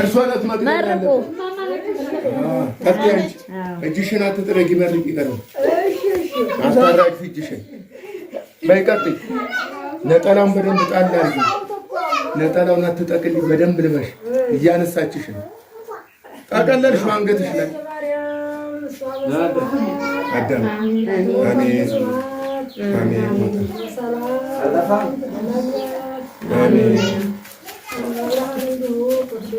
እርሷ ናት መርቆ ቀጥያንች እጅሽን አትጥረጊ። መርቅ ይቀርብ አስታራቂ እጅሽን በይቀጥ ነጠላውን በደንብ ጣል አድርጊ። ነጠላውን አትጠቅል በደንብ ልበሽ። እያነሳችሽ ነው። ጠቀለልሽ አንገትሽ ላይ አዳም አሜን አሜን አሜን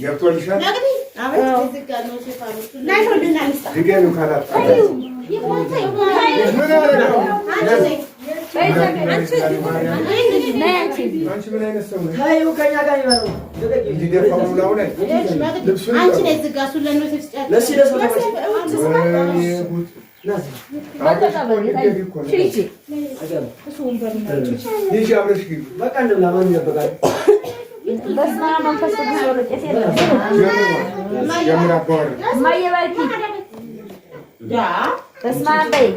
ገብቶልሻል። ምን በስመ አብ መንፈስ ቅዱስ ወልቄስ የለም እማዬ ባልኪ በስመ አብ በይ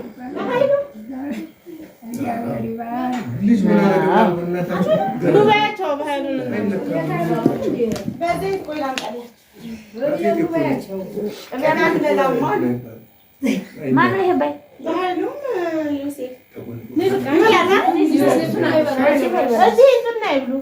ማነው ይሄ በይ እዚህ ይብሉ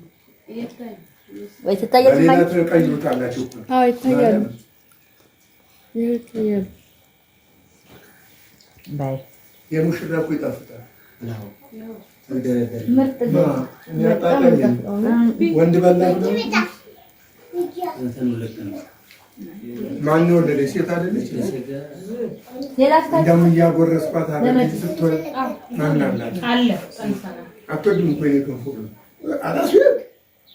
ወይ ትታያላችሁ? አዎ ይታያሉ። የሙሽራ እኮ ይጣፍጣል። ወንድ በላ ማን ወለደ? ሴት አይደለች? እንደውም እያጎረስኳት ስትሆን ማን አላት? አትወድም እኮ የኔ ገንፎ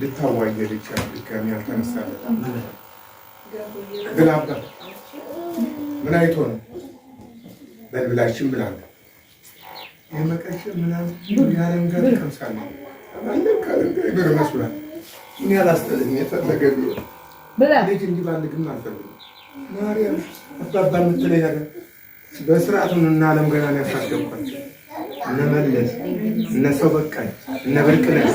ልታዋየ ልጅ ድጋሚ ያልተነሳለ ብላብላ ምን አይቶ ነው በልብላችን ብላለ የመቀሸ ምናምን ያለንገር ይቀምሳለ ነገር መስላል ምን ያላስተልም የፈለገ ልጅ እንዲህ ባልግም አልፈልግም። ማርያም አባባ የምትለው ያለ በስርዓቱ እና አለም ገና ያሳደኳቸው እነ መለስ እነ ሰው በቃኝ እነ ብርቅነት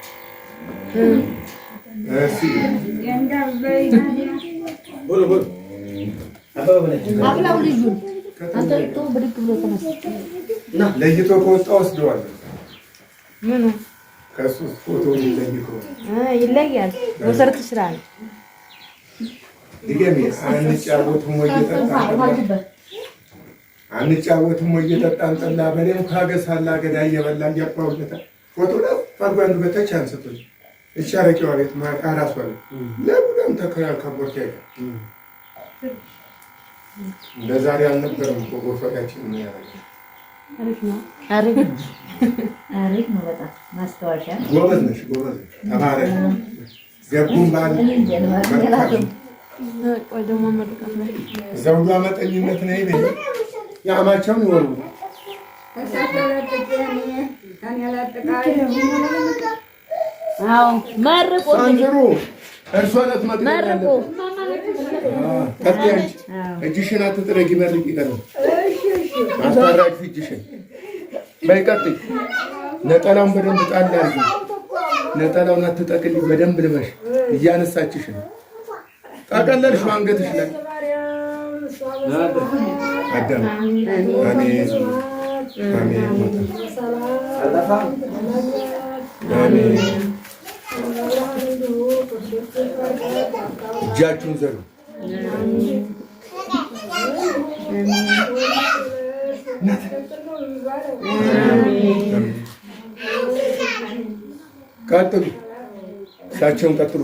ለይቶ ከወጣ ወስደዋል። ምኑ ከሱ ፎቶ ይለያል። መሰረት ይችላል። ድገሚ። አንጫወትም ወይ እየጠጣን ጠላ በኔም ካገሳላ ገዳ እየበላ እያቋውለታል ፎቶ ነው አጓንዱ በታች አንስቶች እቺ አረቂዋ ቤት አራሷ ነው። ለቡዳም ተከራል ከቦርቻ ጋር ለዛሬ ዛሬ አልነበረም እኮ ጎፈሪያችን ነው ያለ። አሪፍ ነው፣ አሪፍ አሪፍ ነው። በጣም ማስታወሻ ጎበዝ ነሽ፣ ጎበዝ ተማረሽ። ገቡን ባል ዘውዷ መጠኝነት ነው ይሄ የአማቸውን ይወሩ እጅሽን አትጥረጊ፣ መርቂ ይቀርብ አስታራቂ እጅሽን በይቀጥል ነጠላውን በደንብ ጣል አድርጊ። ነጠላውን አትጠቅልኝ፣ በደንብ ልበሽ። እያነሳችሽ ነው። ጠቀለልሽ አንገትሽ ላይ አዳም እጃችሁን ዘሩ። ቀጥሉ፣ እሳቸውን ቀጥሉ።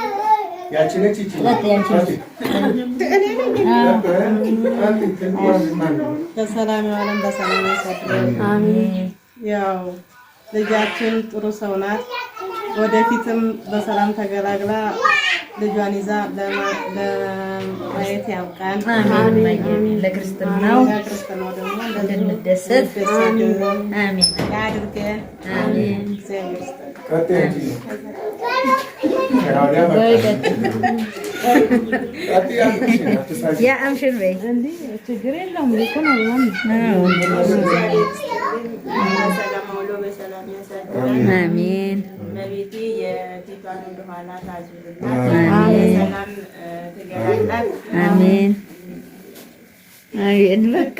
በሰላም የዋለን በሰላም ያሳድረን። ያው ልጃችን ጥሩ ሰው ናት። ወደፊትም በሰላም ተገላግላ ልጇን ይዛ ለማየት ያውቃል። ለክርስትናው ለክርስትናው ደግሞ እንድንደሰት አሜን ያድርገን። አሜን። የአምሽን በይ ችግር የለውም። አሜን። በቤቴ አሜን። በቃ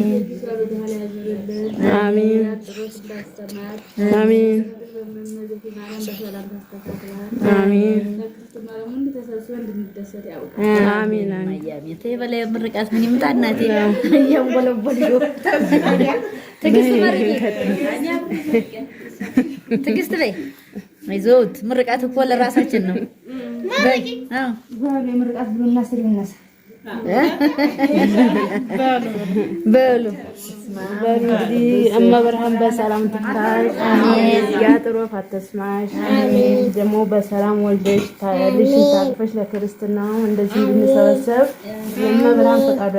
አሚን አሚን ምርቃት ምን ይምጣ እናቴ እያንቦለቦል ትግስት በይ አይዞት ምርቃት እኮ ለራሳችን ነው። በሉ በሉ እንግዲህ እመብርሃን በሰላም ትታሽ፣ ያጥሮፍ አተስማሽ ደግሞ በሰላም ወልደሽ ልጅ ታቅፈሽ ለክርስትናው እንደዚህ እንድንሰበሰብ የእመብርሃን ፈቃዱ